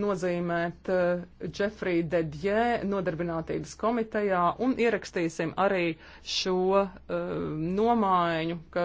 nozīmēt Džefrī eh, Dedjē nodarbinātības komitejā un ierakstīsim arī šo uh, nomaiņu, ka